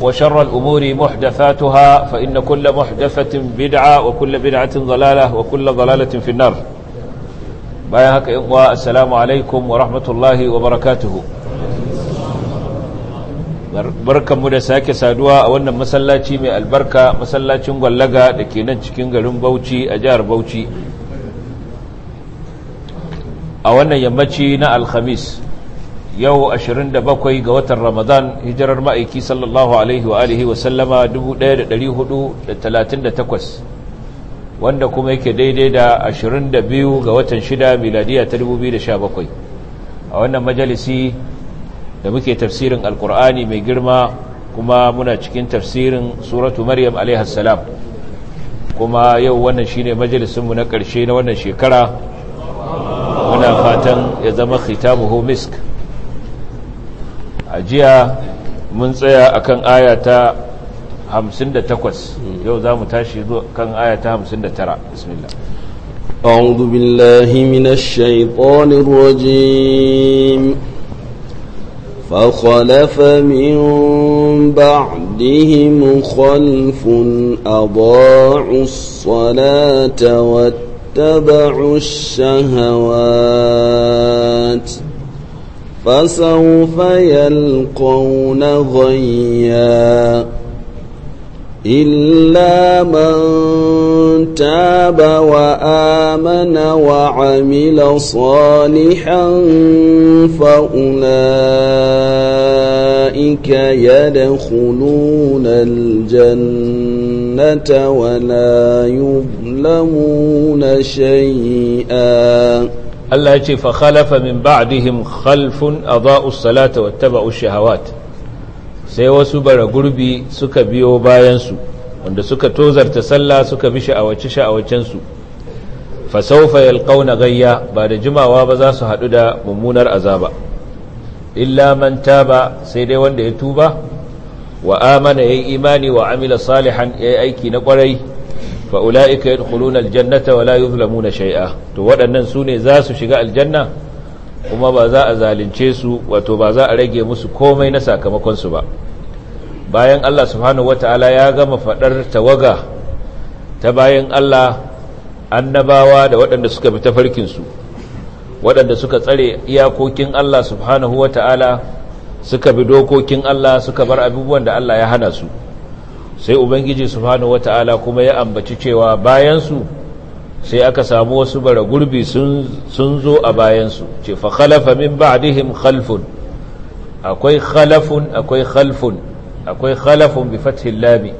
وشر الأمور محدثاتها فإن كل محدثة بدعة وكل بدعة ضلالة وكل ضلالة في النار بايهك إخوة السلام عليكم ورحمة الله وبركاته mu da sake saduwa a wannan masallaci mai albarka masallacin gwallaga da ke nan cikin garin bauchi a jihar bauchi a wannan yammaci na alhamis yau 27 ga watan ramadan hijirar ma'aiki sallallahu alaihi wa alihi wa sallama 1438 wanda kuma yake daidai da 22 ga watan 6 miladiya ta 2017 a wannan majalisi da muke tafsirin alkur'ani mai girma kuma muna cikin tafsirin suratu maryam alaihi salam kuma yau wannan shine majalisinmu na ƙarshe na wannan shekara muna fatan ya zama khitamuhu misk jiya mun tsaya akan ayata 58 yau zamu tashi kan ayata 59 bismillah a'udhu billahi minash shaitanir rajim fa khalafa min ba'dihim khalfun adaa'u ssalata wattaba'u ash-shahawat فسوف يلقون غيا إلا من تاب وآمن وعمل صالحا فأولئك يدخلون الجنة ولا يظلمون شيئا Allah ya ce fa khalafa min ba'dihim khalfun adha'u salata wattaba'u shahawat sai wasu bara gurbi suka biyo bayan su wanda suka tozarta sallah suka bi sha'awace sha'awacen su fa sawfa ghayya ba da jimawa ba za su hadu da mummunar azaba illa man taba sai dai wanda ya tuba wa amana yayi imani wa amila salihan yayi aiki na kwarai fa ulaika yadkhuluna aljannata wa la na shai'a, to waɗannan su ne za su shiga aljanna kuma ba za a zalunce su wato ba za a rage musu komai na sakamakonsu ba bayan Allah subhanahu wata'ala ya gama faɗar tawaga ta bayan Allah annabawa da waɗanda suka bi tafarkinsu, su waɗanda suka tsare iyakokin Allah subhanahu wata'ala suka bi dokokin Allah suka bar abubuwan da Allah ya hana su sai ubangiji subhanahu wata'ala kuma ya ambaci cewa bayansu sai aka samu wasu bara gurbi sun zo a bayansu ce fa khalafa min ba'dihim khalfun akwai khalafun akwai khalfun akwai khalafun bi fathil lami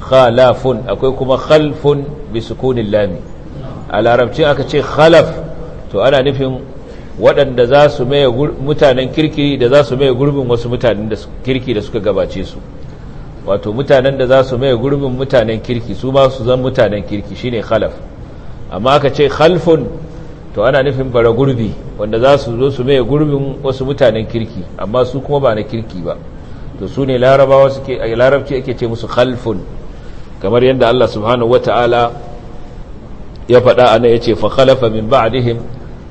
khalafun akwai kuma khalfun bi lami a larabci aka ce khalaf to ana nufin waɗanda za su maye mutanen kirki da za su maye gurbin wasu mutanen kirki da suka gabace su wato mutanen da za su mai gurbin mutanen kirki su ba su zan mutanen kirki shine khalaf amma aka ce khalfun to ana nufin bara gurbi wanda za su zo su mai gurbin wasu mutanen kirki amma su kuma ba na kirki ba to su ne larabawa suke a larabci ake ce musu khalfun kamar yadda Allah subhanahu wata'ala ya faɗa ana ya ce fa khalafa min ba'dihim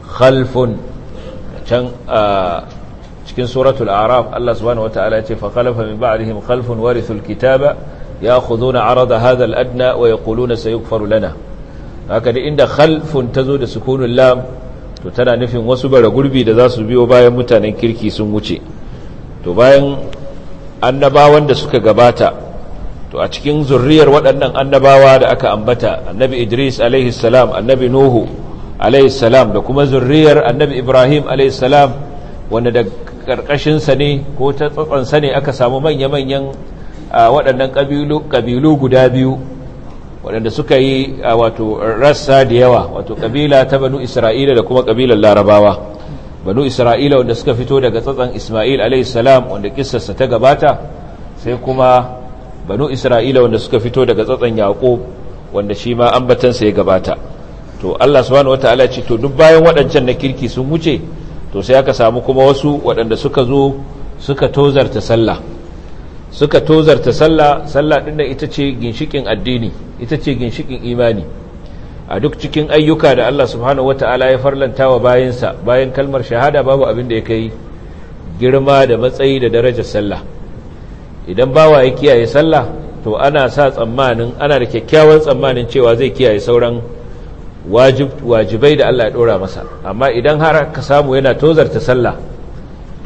khalfun can a ah, cikin suratul araf Allah subhanahu wataala ya ce fa khalafa min ba'dihim khalfun warithul kitaba ya'khuduna 'arada hadha al-adna wa yaquluna sayughfaru lana haka da inda khalfun tazo da sukunul lam to tana nufin wasu bara gurbi da za su biyo bayan mutanen kirki sun wuce to bayan annabawan da suka gabata to a cikin zurriyar waɗannan annabawa da aka ambata annabi idris alaihi salam annabi nuhu alaihi salam da kuma zurriyar annabi ibrahim alaihi salam wanda daga. sa ne ko ta tsatsansa ne aka samu manya-manyan waɗannan ƙabilu guda biyu waɗanda suka yi wato rassa da yawa wato ƙabila ta banu isra'ila da kuma ƙabilar larabawa banu isra'ila wanda suka fito daga tsatsan isma'il alaihissalam wanda kissarsa ta gabata sai kuma banu isra'ila wanda suka fito daga tsatsan yaƙob wanda shi ma ambatansa ya gabata to allah subhanahu wataala ce to duk bayan waɗancan na kirki sun wuce to sai aka samu kuma wasu waɗanda suka zo suka tozarta sallah suka tozarta sallah sallah ɗin da ita ce ginshikin addini ita ce ginshikin imani a duk cikin ayyuka da Allah subhanahu wata'ala ya farlanta wa bayansa bayan kalmar shahada babu abin da ya kai girma da matsayi da darajar sallah idan bawa ya kiyaye sallah to ana sa tsammanin ana da kyakkyawan tsammanin cewa zai kiyaye sauran wajibai da Allah ya ɗora masa amma idan har ka samu yana tozarta sallah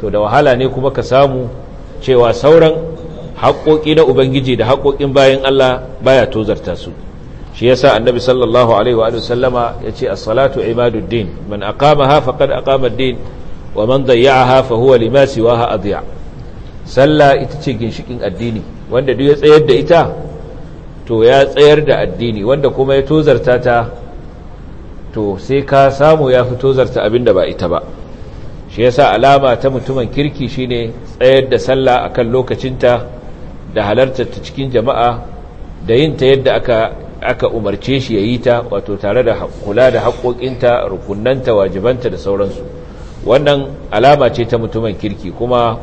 to da wahala ne kuma ka samu cewa sauran haƙoƙi na ubangiji da haƙoƙin bayan Allah baya tozarta su shi yasa annabi sallallahu alaihi wa sallama yace as-salatu imaduddin man aqamaha faqad aqama ad-din wa man dayya'aha fa huwa lima siwaha adya sallah ita ce ginshikin addini wanda duk ya tsayar da ita to ya tsayar da addini wanda kuma ya tozarta ta to sai ka samu ya fito zarta abin da ba ita ba shi yasa alama ta mutumin kirki shine tsayar da sallah akan lokacinta da halartar ta cikin jama'a da yin ta yadda aka aka umarce shi yayi ta wato tare da kula da haƙoƙinta rukunnanta wajibanta da sauransu wannan alama ce ta mutumin kirki kuma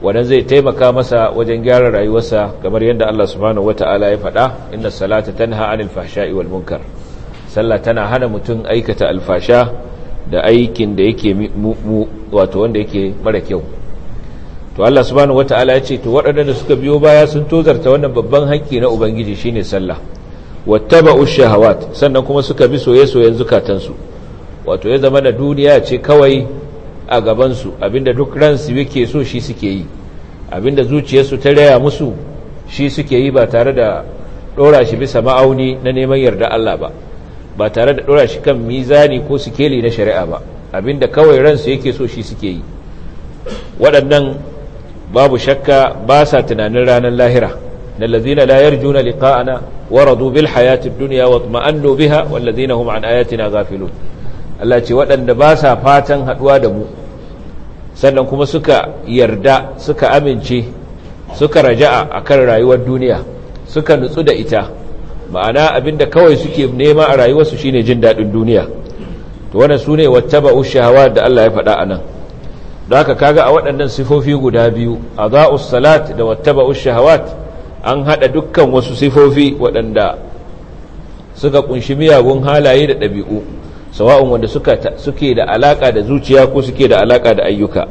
wannan zai taimaka masa wajen gyara rayuwarsa kamar yadda Allah subhanahu wataala ya faɗa inna salata tanha anil fahsha'i wal munkar sallah tana hana mutum aikata alfasha da aikin da yake wato wanda yake mara kyau to Allah subhanahu wataala ya ce to waɗanda suka biyo baya sun tozarta wannan babban hakki na ubangiji shine sallah wattaba'u shahawat sannan kuma suka bi soye-soyen zukatansu wato ya zama da duniya ce kawai a gabansu abinda duk ransu yake so shi suke yi abinda zuciyarsu ta raya musu shi suke yi ba tare da dora shi bisa ma'auni na neman yarda Allah ba ba tare da ɗora shi kan mizani ko sikeli na shari'a ba abinda kawai ransu yake so shi suke yi waɗannan babu shakka ba sa tunanin ranar lahira الذين لا يرجون لقاءنا ورضوا بالحياة الدنيا واطمأنوا بها والذين هم عن آياتنا غافلون Allah ce waɗanda ba sa fatan haɗuwa da mu sannan kuma suka yarda suka amince suka raja'a akan rayuwar duniya suka nutsu da ita ma'ana abinda kawai suke nema a rayuwarsu shine jin daɗin duniya to wannan sune ba shahawa da Allah ya faɗa anan don haka kaga a waɗannan sifofi guda biyu adha'us salat da wattaba'u shahawat an hada dukkan wasu sifofi waɗanda suka kunshi miyagun halaye da ɗabi'u sawa'un wanda suka suke da alaka da zuciya ko suke da alaka da ayyuka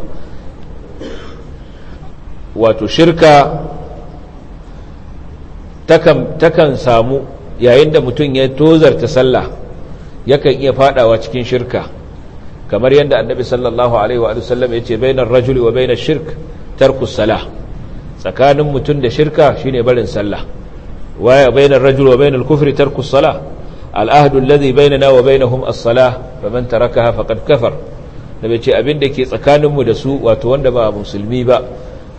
wato shirka takan samu yayin da mutum ya tozarta sallah yakan iya fadawa cikin shirka kamar yadda annabi sallallahu alaihi wa sallam ya ce bainar rajuli wa bainar shirk tarkus sallah tsakanin mutum da shirka shine barin sallah waya bainar rajuli wa bainar kufri sallah salah al'ahdu alladhi na wa bainahum as-salah faman hafa faqad kafar bai ce abin da ke tsakaninmu da su wato wanda ba musulmi ba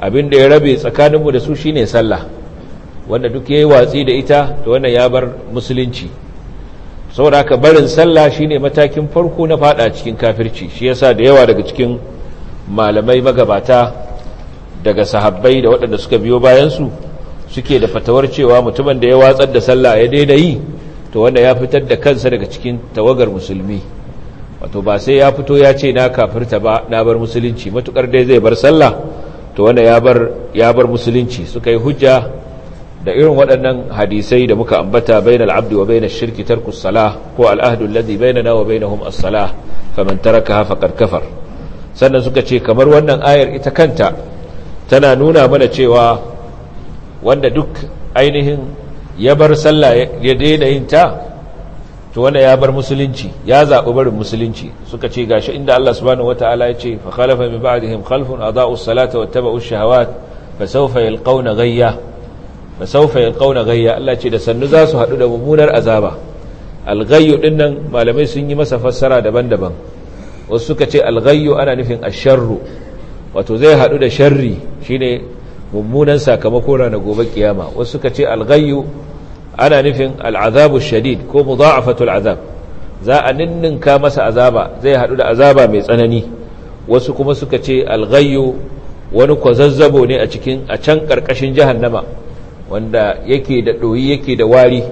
abin da ya rabe tsakaninmu da su shine sallah wanda duk yayi watsi da ita to wannan ya bar musulunci saboda haka barin sallah shine matakin farko na fada cikin kafirci shi yasa da yawa daga cikin malamai magabata daga sahabbai da waɗanda suka biyo bayansu suke da fatawar cewa mutumin da ya watsar da sallah ya daina yi to wanda ya fitar da kansa daga cikin tawagar musulmi wato ba sai ya fito ya ce na kafirta ba na bar musulunci matukar dai zai bar sallah to wanda ya bar ya bar musulunci suka yi hujja da irin waɗannan hadisai da muka ambata bainal abdu wa bainash shirki tarku salah ko al'ahdu alladhi bainana wa bainahum as-salah faman ka hafa ƙarƙafar. sannan suka ce kamar wannan ayar ita kanta tana nuna mana cewa wanda duk ainihin ya bar sallah ya daina yin ta to wanda ya bar musulunci ya zaɓi barin musulunci suka ce gashi inda Allah subhanahu wataala ya ce fa khalafa min ba'dihim khalfun adaa'u as-salata wattaba'u ash-shahawat fa sawfa yalqawna ghayya fa sawfa yalqawna gayya Allah ce da sannu za su hadu da mummunar azaba alghayyu dinnan malamai sun yi masa fassara daban-daban wasu suka ce alghayyu ana nufin asharru wato zai hadu da sharri shine mummunan sakamako ranar gobe kiyama wasu suka ce alghayyu ana nufin al'azabu shadid ko mudha'afatul azab za a ninninka masa azaba zai hadu da azaba mai tsanani wasu kuma suka ce alghayyu wani kwazazzabo ne a cikin a can karkashin jahannama wanda yake da ɗoyi yake da wari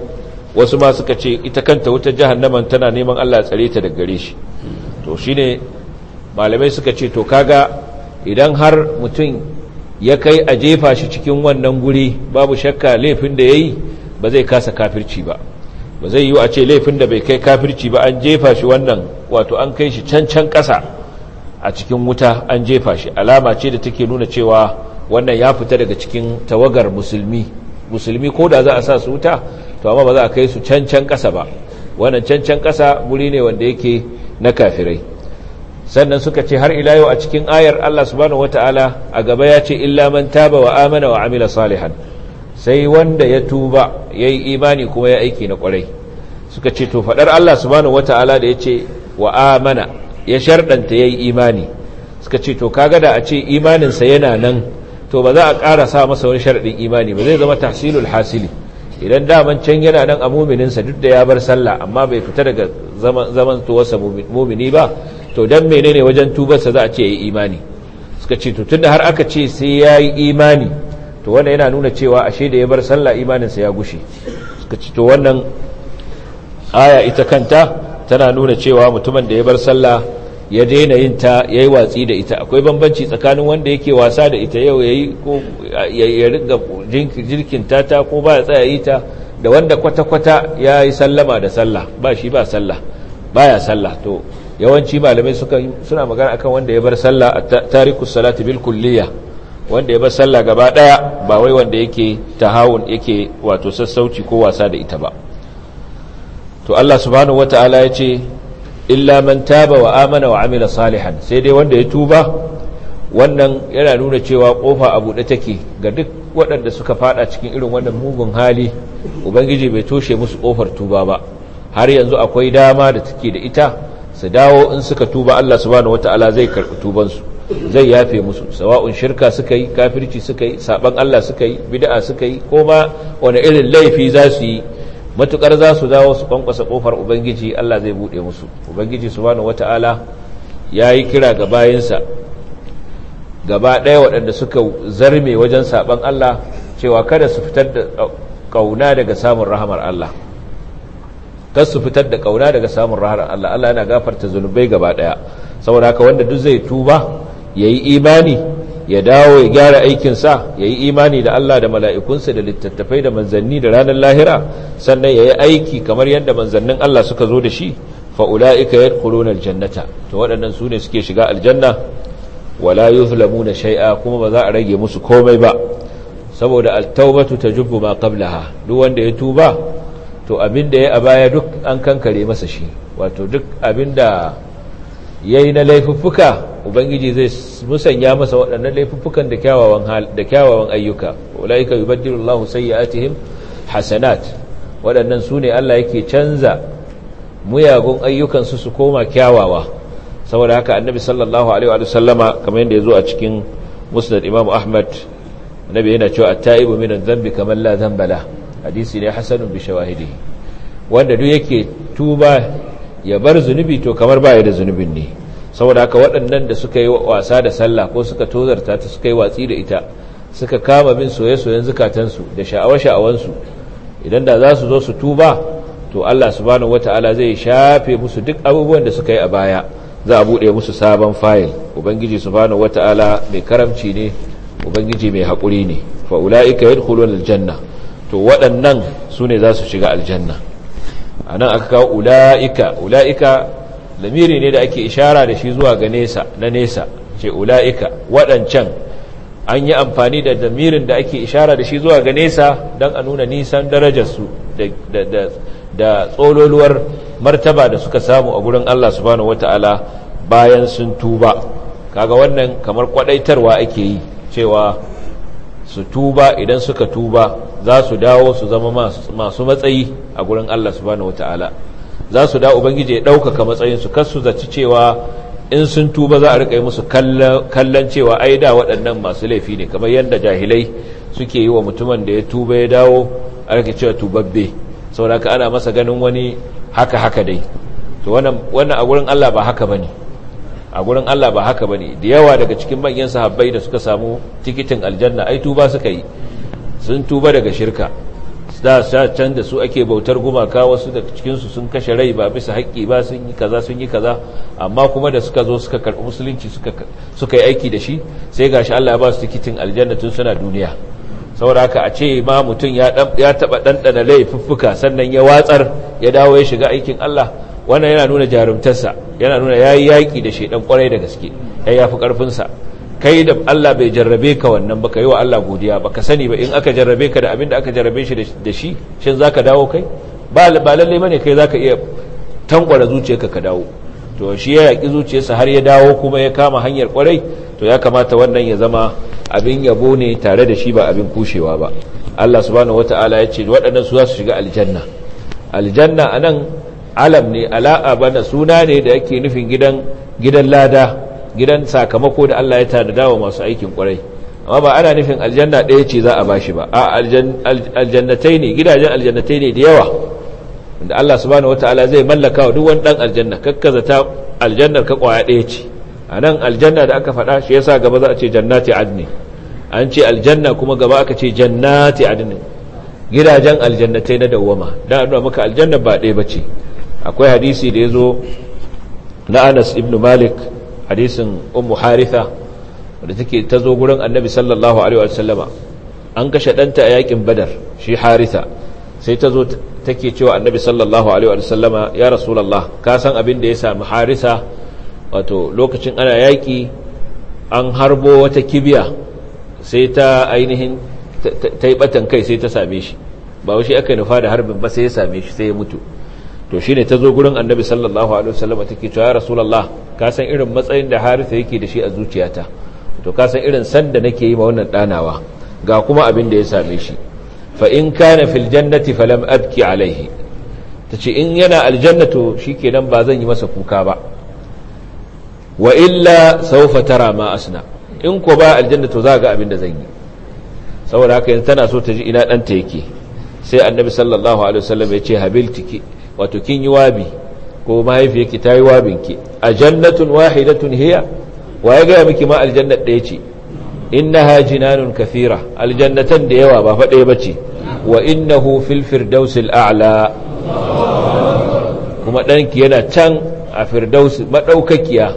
wasu ma suka ce ita kanta wuta wutar jahannaman tana neman Allah tsare ta da gare shi to shine malamai suka ce to kaga idan har mutum ya kai a jefa shi cikin wannan guri babu shakka laifin da ya yi ba zai kasa kafirci ba ba zai yi a ce laifin da bai kai kafirci ba an jefa shi wannan wato an kai shi can can ƙasa a cikin wuta an jefa shi alama ce da take nuna cewa wannan ya fita daga cikin tawagar musulmi musulmi ko da za a sa su wuta to amma ba za a kai su cancan kasa ƙasa ba wannan cancan kasa ƙasa guri ne wanda yake na kafirai sannan suka ce har ila yau a cikin ayar Allah subhanahu wataala a gaba ya ce illa man taba wa amana wa amila salihan sai wanda ya tuba yayi imani kuma ya aiki na kwarai suka ce to fadar Allah subhanahu wataala da yace wa amana ya shardanta yayi imani suka ce to kaga da a ce imanin sa yana nan to ba za a ƙara sa masa wani sharaɗin imani ba zai zama tahsilul hasili idan daman can yana nan a mumininsa duk da ya bar sallah amma bai fita daga zaman tuwarsa mumini ba to don menene wajen tubarsa za a ce ya yi imani suka ce to tun da har aka ce sai ya yi imani to wannan yana nuna cewa ashe da ya bar sallah imaninsa ya gushe suka ce to wannan aya ita kanta tana nuna cewa mutumin da ya bar sallah ya daina yin ta ya yi watsi da ita akwai bambanci tsakanin wanda yake wasa da ita yau ya yi ko ya riga jirkin ta ko ba ya tsaya yi ta da wanda kwata-kwata ya yi sallama da sallah ba shi ba sallah ba ya sallah to yawanci malamai suna magana akan wanda ya bar sallah a tarikus salati bil kulliya wanda ya bar sallah gaba daya ba wai wanda yake tahawun yake wato sassauci ko wasa da ita ba to Allah subhanahu wataala ya ce illa man taba wa amana wa amila salihan sai dai wanda ya tuba wannan yana nuna cewa kofa a buɗe take ga duk waɗanda suka fada cikin irin wannan mugun hali ubangiji bai toshe musu kofar tuba ba har yanzu akwai dama da take da ita su dawo in suka tuba Allah subhanahu wataala zai karbi tuban su zai yafe musu sawa'un shirka suka yi kafirci suka yi saban Allah suka yi bid'a suka yi ko ma wani irin laifi za su yi matukar za su dawo su kwankwasa kofar ubangiji Allah zai bude musu ubangiji wata ala ya yi kira ga bayinsa gaba ɗaya waɗanda suka zarme wajen saban Allah cewa kada su fitar da kauna daga samun rahamar Allah kada su fitar da kauna daga samun rahamar Allah Allah yana gafarta zunubai gaba ɗaya saboda haka wanda duk zai tuba yayi imani ya dawo ya gyara aikinsa ya yi imani da Allah da mala'ikunsa da littattafai da manzanni da ranar lahira sannan ya yi aiki kamar yadda manzannin Allah suka zo da shi fa'ula'ika ya kulonar jannata to waɗannan su ne suke shiga aljanna wala yi zulamu na shai'a kuma ba za a rage musu komai ba saboda altaubatu ta jubbu ma kablaha duk wanda ya tuba to abin da ya a baya duk an kankare masa shi wato duk abin da ya yi na laifuffuka ubangiji zai musanya masa waɗannan laifuffukan da kyawawan ayyuka ula'ika sai Allahu sayyi'atihim hasanat waɗannan su ne Allah yake canza muyagun ayyukansu su koma kyawawa saboda haka annabi sallallahu alaihi wa sallama kamar yadda ya zo a cikin musnad imam ahmad annabi yana cewa at-ta'ibu min adh-dhanbi kaman la hadisi ne hasanun bi shawahidihi wanda duk yake tuba ya bar zunubi to kamar baya da zunubin ne saboda haka waɗannan da suka yi wasa da sallah ko suka tozarta ta suka yi watsi da ita suka kama bin soye-soyen zukatansu da sha'awa-sha'awansu idan da za su zo su tuba to Allah subhanahu wata'ala zai shafe musu duk abubuwan da suka yi a baya za a buɗe musu sabon fayil ubangiji subhanahu wata'ala mai karamci ne ubangiji mai haƙuri ne fa'ula'ika yin hulun aljanna to waɗannan su ne za su shiga aljanna a nan aka kawo ula'ika ula'ika lamiri ne da ake ishara da shi zuwa ga nesa na nesa ce ula'ika waɗancan an yi amfani da lamirin da ake ishara da shi zuwa ga nesa don a nuna nisan darajarsu da tsololuwar martaba da suka samu a gurin Allah subhanahu wata'ala bayan sun tuba kaga wannan kamar kwadaitarwa ake yi cewa su tuba idan suka tuba za su dawo su zama masu matsayi a gurin Allah subhanahu wataala za su da ubangiji ya ɗaukaka matsayin su kasu zaci cewa in sun tuba za a riƙa yi musu kallon cewa ai da waɗannan masu laifi ne kamar yadda jahilai suke yi wa mutumin da ya tuba ya dawo a riƙa cewa tubabbe sauraka ana masa ganin wani haka haka dai to wannan a gurin Allah ba haka bane a gurin Allah ba haka bane da yawa daga cikin manyan sahabbai da suka samu tikitin aljanna ai tuba suka yi sun tuba daga shirka da can da su ake bautar gumaka wasu da cikinsu sun kashe rai ba bisa haƙƙi ba sun yi kaza sun yi kaza amma kuma da suka zo suka karɓi musulunci suka yi aiki da shi sai gashi Allah ya ba su tikitin aljanna tun suna duniya saboda haka a ce ma mutum ya taɓa ɗanɗana laifuffuka sannan ya watsar ya dawo ya shiga aikin Allah wannan yana nuna jarumtarsa yana nuna ya yi yaƙi da shaidan ƙwarai da gaske ya yafi ƙarfinsa kai da Allah bai jarrabe ka wannan ka yi wa Allah godiya ba ka sani ba in aka jarrabe ka da abin da aka jarrabe shi da shi shin ka dawo kai ba lalle bane kai zaka iya tankwara zuciyarka ka dawo to shi ya yaki zuciyarsa har ya dawo kuma ya kama hanyar kwarai to ya kamata wannan ya zama abin yabo ne tare da shi ba abin kushewa ba Allah subhanahu wataala ya ce waɗannan su za su shiga aljanna aljanna a nan alam ne ala'a bana suna ne da yake nufin gidan lada gidan sakamako da Allah ya tanada wa masu aikin kwarai amma ba ana nufin aljanna ɗaya ce za a bashi ba a aljannatai ne gidajen aljannatai ne da yawa da Allah subhanahu wataala zai mallaka wa duk wani dan aljanna kakkaza ta aljannar ka kwaya ɗaya ce a nan aljanna da aka faɗa shi yasa gaba za a ce jannati adni an ce aljanna kuma gaba aka ce jannati adni gidajen aljannatai na dawwama dan nuna maka aljanna ba ɗaya bace akwai hadisi da yazo na Anas ibn Malik hadisin umu haritha wadda take ta zo gurin annabi sallallahu alaihi wasallama an kashe ɗanta a yakin badar shi haritha sai ta zo take cewa annabi sallallahu alaihi wasallama ya rasulullah ka san abin da ya sami haritha wato lokacin ana yaki an harbo wata kibiya sai ta ainihin ta yi batan kai sai ta same shi ba wa shi aka nufa da harbin ba sai ya same shi sai ya mutu to shi ne ta zo gurin annabi sallallahu alaihi wasallam take cewa ya rasulullah ka san irin matsayin da haritha yake da shi a zuciyata to ka san irin sanda nake yi ma wannan danawa ga kuma abin da ya same shi fa in kana fil jannati falam abki alaihi tace in yana aljannatu shikenan ba zan yi masa kuka ba wa illa sawfa tara ma asna in ko ba aljannatu za ga abin da zan yi saboda haka yanzu tana so ta ji ina danta yake sai annabi sallallahu alaihi wasallam ya ce habiltiki wato kin yi wabi ko mahaifiyarki ta yi wabinki a jannatun wahidatun hiya wa ya gaya miki ma aljannat ɗaya ce innaha jinanun kathira aljannatan da yawa ba faɗaya ba ce wa innahu fil firdausil a'la kuma ɗanki yana can a firdausi maɗaukakiya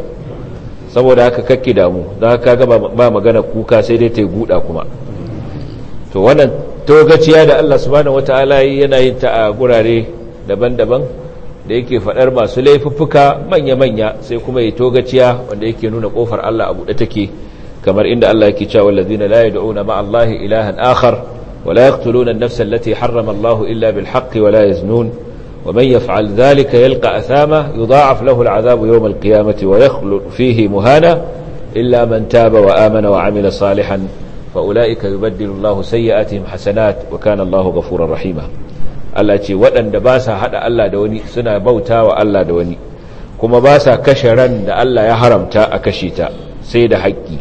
saboda haka kakki damu za ka ga ba magana kuka sai dai ta guda kuma to wannan togaciya da Allah subhanahu wataala yana yin ta a gurare daban-daban da yake faɗar masu laifuffuka manya-manya sai kuma ya togaciya wanda yake nuna ƙofar Allah a buɗe take kamar inda Allah yake cewa wallazina la yad'una ma'a Allah ilahan akhar wa la yaqtuluna an-nafsa allati harrama Allah illa bil haqqi wa la yaznun wa man yaf'al dhalika yalqa athama yudha'af lahu al-'adhabu yawm al-qiyamati wa yakhlud fihi muhana illa man taba wa amana wa 'amila salihan fa ulaika yubaddilu Allah sayyi'atihim hasanat wa kana Allah ghafurar rahima Allah ce waɗanda ba sa haɗa Allah da wani suna bauta wa Allah da wani kuma ba sa kashe ran da Allah ya haramta a kashe ta sai da haƙƙi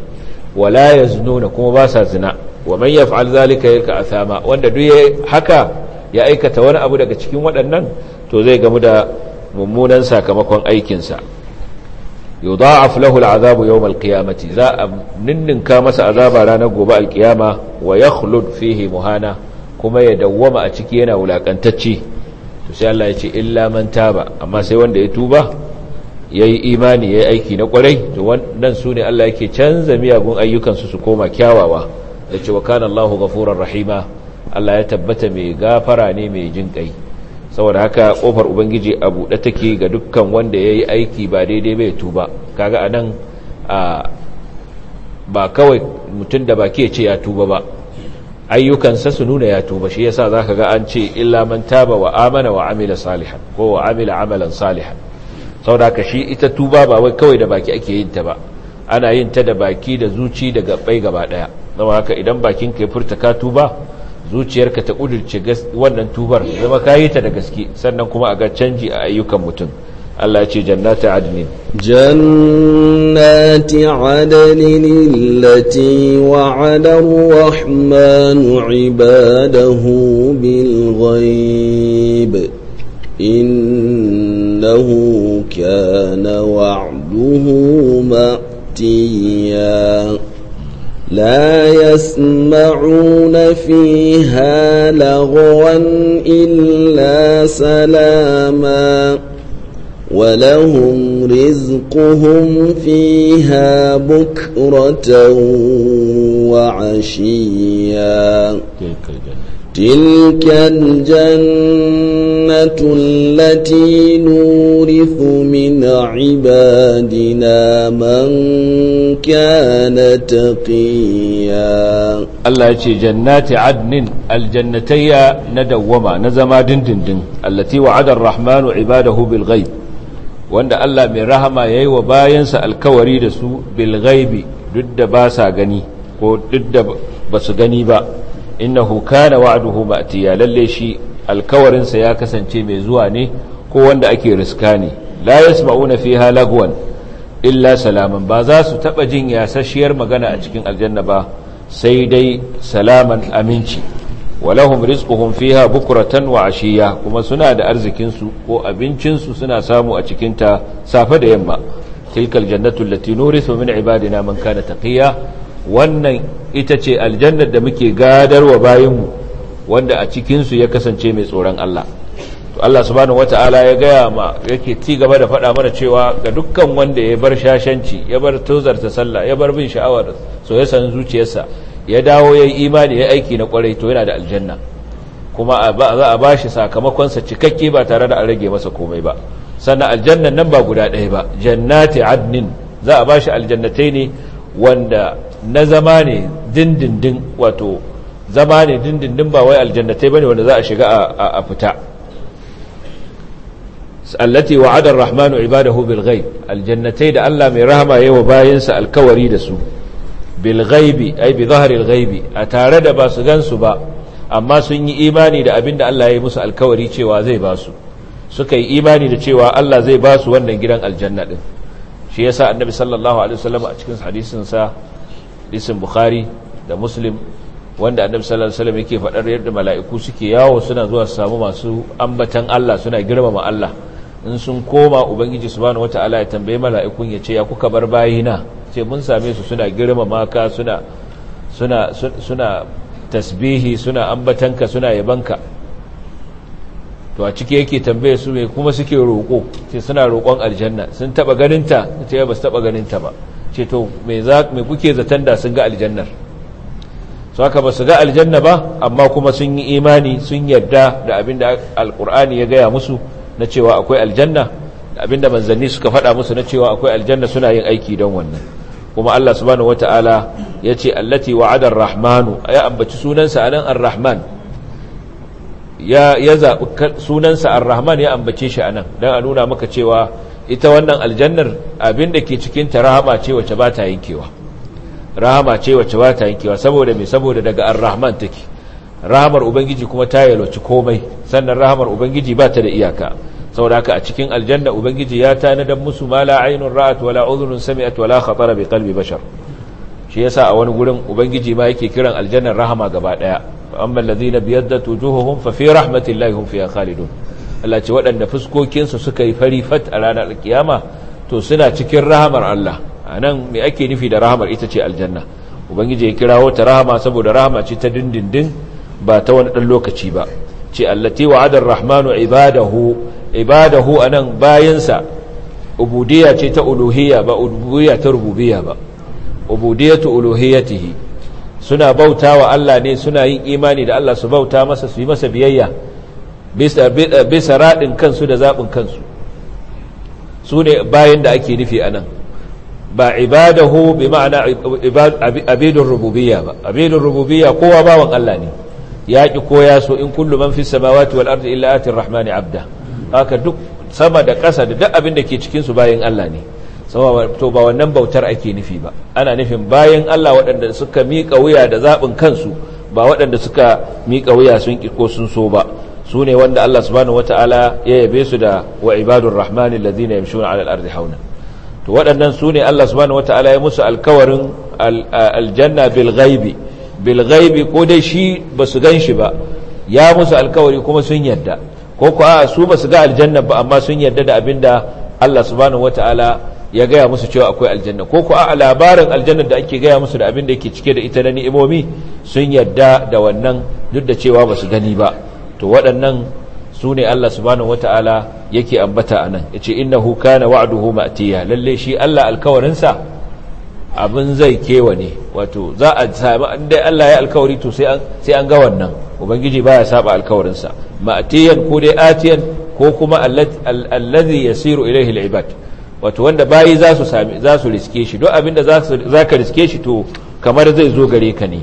wala nuna kuma ba sa zina wa man yaf'al zalika yalka athama wanda duk haka ya aikata wani abu daga cikin waɗannan to zai gamu da mummunan sakamakon aikinsa yudha'af lahu al'azabu yawm al-qiyamati za a ninninka masa azaba ranar gobe al-qiyama wa yakhlud fihi muhana kuma ya dawwama a ciki yana wulakantacce to sai Allah ya ce illa man taba amma sai wanda ya tuba yayi imani yayi aiki na kwarai to wannan sune Allah yake canza miyagun ayyukan su su koma kyawawa yace wa kana Allahu ghafurar rahima Allah ya tabbata mai gafara ne mai jin kai saboda haka kofar ubangiji a buɗe take ga dukkan wanda yayi aiki ba daidai ba ya tuba kaga anan a ba kawai mutum da baki ya ce ya tuba ba ayyukansa su nuna ya tuba shi yasa ka ga an ce illa man taba wa amana wa amila salihan ko wa amila amalan salihan saboda ka shi ita tuba ba wai kawai da baki ake yin ta ba ana yin ta da baki da zuci da gabbai gaba daya zama haka idan bakin ka ya furta ka tuba zuciyarka ta kudurce wannan tubar zama ka yi ta da gaske sannan kuma a ga canji a ayyukan mutum Allah ce jannata adnin jannati adnin allati wa'ada ar-rahmanu 'ibadahu bil ghaib innahu kana wa'duhu ma'tiya لا يسمعون فيها لغوا إلا سلاماً ولهم رزقهم فيها بكرة وعشيا تلك الجنة تلك الجنة التي نورث من عبادنا من كان تقيا الله يجي جنات عدن الجنتي ندوما نزما دندن التي وعد الرحمن عباده بالغيب wanda Allah mai rahama ya yi wa bayansa alkawari da su bilgaibi duk da ba sa gani ko duk da ba su gani ba inna hukana wa'aduhu ma'tiya lalle shi alkawarinsa ya kasance mai zuwa ne ko wanda ake riska ne la yasma'una fiha halaguwan illa salaman ba za su taɓa jin yasasshiyar magana a cikin aljanna ba sai dai salaman aminci walahum rizquhum fiha bukratan wa ashiya kuma suna da arzikinsu ko abincinsu suna samu a cikin ta safe da yamma tilkal jannatu allati nurithu min ibadina man kana taqiya wannan ita ce aljannar da muke gadarwa bayinmu wanda a cikin su ya kasance mai tsoron Allah to Allah subhanahu wataala ya gaya ma yake ci gaba da faɗa mana cewa ga dukkan wanda ya bar shashanci ya bar tozarta sallah ya bar bin sha'awar soyayyan zuciyarsa ya dawo ya yi imani ya aiki na kwarai to yana da aljanna kuma za a ba shi sakamakonsa cikakke ba tare da an rage masa komai ba sannan aljannan nan ba guda ɗaya ba jannati adnin za a ba shi aljannatai ne wanda na zama ne dindindin wato zama ne dindindin ba wai aljannatai ba ne wanda za a shiga a fita allati wa'adar rahmanu ibadahu bil ghaib aljannatai da Allah mai rahama yawa bayansa alkawari da su bil ghaibi bi ghaibi a tare da ba su gansu ba amma sun yi imani da abinda Allah ya yi musu alkawari cewa zai ba su suka yi imani da cewa Allah zai ba su wannan gidan aljanna din shi yasa annabi sallallahu alaihi wasallam a cikin hadisin sa hadisin bukhari da muslim wanda annabi sallallahu alaihi wasallam yake faɗar yadda mala'iku suke yawo suna zuwa su samu masu ambatan Allah suna girmama Allah in sun koma ubangiji subhanahu wataala ya tambaye mala'ikun ya ce ya kuka bar bayina ce mun same su suna girmama ka suna suna tasbihi suna ambatanka suna yabanka to a ciki yake tambaye su mai kuma suke roƙo ce suna roƙon aljanna sun taba ganinta ce ba su taba ganinta ba ce to me za, me kuke zaton da sun ga aljannar su haka ba su ga aljanna ba amma kuma sun yi imani sun yarda da abin da alqur'ani ya gaya musu na cewa akwai aljanna da manzanni suka faɗa musu na cewa akwai aljanna suna yin aiki don wannan kuma Allah subhanahu wataala ya ce allati wa'ada ar-rahmanu ya ambaci sunansa anan ar-rahman ya ya zabi sunansa ar-rahman ya ambace shi anan dan a nuna maka cewa ita wannan aljannar abin da ke cikin ta rahama ce wacce ba ta yankewa rahama ce wacce ba ta yankewa saboda me saboda daga ar-rahman take rahamar ubangiji kuma ta yalwaci komai sannan rahamar ubangiji ba ta da iyaka saboda haka a cikin aljanna ubangiji ya tanadar musu ma la aynun ra'at wala udhunun sami'at wala khatara bi qalbi bashar shi yasa a wani gurin ubangiji ma yake kiran aljannar rahama gaba daya amma alladhina biyaddat wujuhuhum fa fi rahmatillahi hum fiha khalidun Allah ce waɗanda fuskokinsa suka yi fari fat a ranar to suna cikin rahamar Allah anan me ake nufi da rahamar ita ce aljanna ubangiji ya kirawo ta rahama saboda rahama ce ta dindindin ba ta wani dan lokaci ba ce allati wa'ada ar-rahmanu ibadahu ibadahu anan bayansa ubudiyya ce ta uluhiyya ba ubudiyya ta rububiyya ba ubudiyatu uluhiyyatihi suna bautawa Allah ne suna yin imani da Allah su bauta masa su yi masa biyayya bisa bisa radin kansu da zabin kansu sune bayan da ake nufi anan ba ibadahu bi ma'ana abidur rububiyya ba abidur rububiyya kowa bawan Allah ne ya ki koya so in kullu man fis samawati wal ardi illa atir rahmani abda haka duk sama da ƙasa da duk abin da ke cikinsu bayan Allah ne to ba wannan bautar ake nufi ba ana nufin bayan Allah waɗanda suka miƙa wuya da zaɓin kansu ba waɗanda suka miƙa wuya sun ƙi ko sun so ba su ne wanda Allah subhanahu ta'ala ya yabe su da wa ibadur rahmani allazina yamshuna 'alal ardi hauna to waɗannan su ne Allah subhanahu ta'ala ya musu alkawarin aljanna bil ghaibi bil ghaibi ko dai shi ba basu shi ba ya musu alkawari kuma sun yadda ko ku a su ba su ga aljanna ba amma sun yarda da abin da Allah subhanahu ta'ala ya gaya musu cewa akwai aljanna ko ku a labarin aljanna da ake gaya musu da abin da ke cike da ita na ni'imomi sun yarda da wannan duk da cewa ba su gani ba to waɗannan su ne Allah subhanahu wataala yake ambata anan yace innahu kana wa'aduhu ma'tiya lalle shi Allah alkawarinsa abin zai kewa ne wato za a sami an dai Allah ya alkawari to sai an ga wannan ubangiji baya saba alkawarinsa ma'atiyan ko dai atiyan ko kuma allazi yasiru ilaihi alibad wato wanda bayi za su sami za su riske shi duk abinda za ka riske shi to kamar zai zo gare ka ne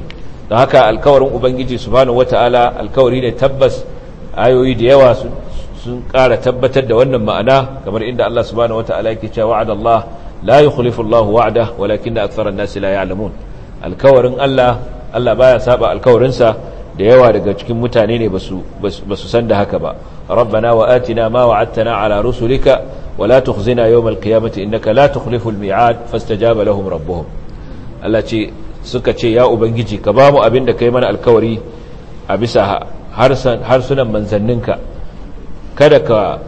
don haka alkawarin ubangiji subhanahu wataala alkawari ne tabbas ayoyi da yawa sun ƙara tabbatar da wannan ma'ana kamar inda Allah subhanahu wataala yake cewa wa'adallahu la yukhlifu wa'ada walakin da aktharan nasi la ya'lamun alkawarin Allah Allah baya saba alkawarinsa da yawa daga cikin mutane ne basu su san da haka ba rabbana wa atina ma wa'adtana ala rusulika wa la tukhzina yawm alqiyamati innaka la tukhlifu almi'ad fastajaba lahum rabbuhum Allah ce suka ce ya ubangiji ka bamu abin da kai mana alkawari a bisa harsunan manzanninka kada ka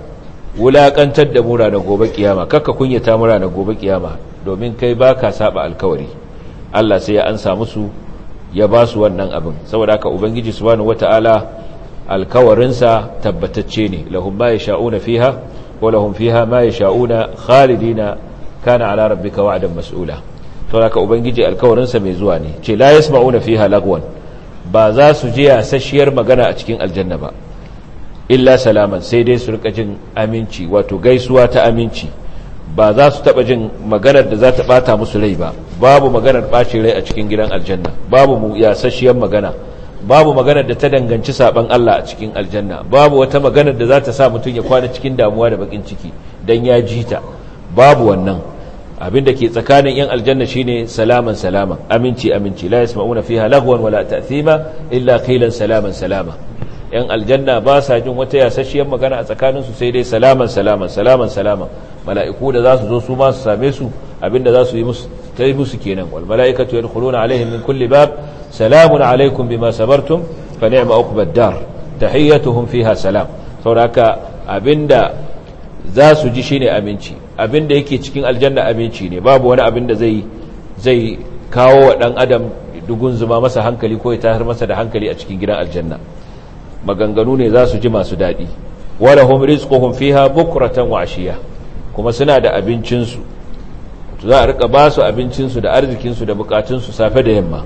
wulaƙantar da mura na gobe kiyama kakka kunyata mura na gobe kiyama domin kai ba ka saba alkawari Allah sai ya ansa musu ya ba su wannan abin saboda haka ubangiji subhanahu wataala alkawarinsa tabbatacce ne lahum ma yasha'una fiha wa lahum fiha ma yasha'una khalidina kana ala rabbika wa'dan mas'ula saboda haka ubangiji alkawarinsa mai zuwa ne ce la yasma'una fiha lagwan ba za su ji yasasshiyar magana a cikin aljanna ba illa salaman sai dai su rika jin aminci wato gaisuwa ta aminci ba za su taba jin maganar da za ta bata musu rai ba babu maganar bacin rai a cikin gidan aljanna babu mu yasasshiyar magana babu maganar da ta danganci saban Allah a cikin aljanna babu wata maganar da za ta sa mutum ya kwana cikin damuwa da bakin ciki dan ya jita, ta babu wannan abin da ke tsakanin yan aljanna shine salaman salaman aminci aminci la yasma'una fiha lagwan wala ta'thima illa qilan salaman salama yan aljanna ba sa jin wata yasasshiyar magana a tsakaninsu sai dai salaman salaman salaman salaman mala'iku da za su zo su masu same su abinda za su yi musu ta yi musu kenan wal mala'ikatu yadkhuluna alaihim min kulli bab salamun alaikum bima sabartum fa baddar uqbad dar salam saboda haka abinda za su ji ne aminci abinda yake cikin aljanna aminci ne babu wani abinda zai zai kawo wa ɗan adam dugun zuma masa hankali ko ya tahar masa da hankali a cikin gidan aljanna maganganu ne za su ji masu daɗi wala hum rizquhum fiha bukratan wa ashiya kuma suna da abincinsu za a rika ba su abincinsu da arzikinsu da bukatunsu safe da yamma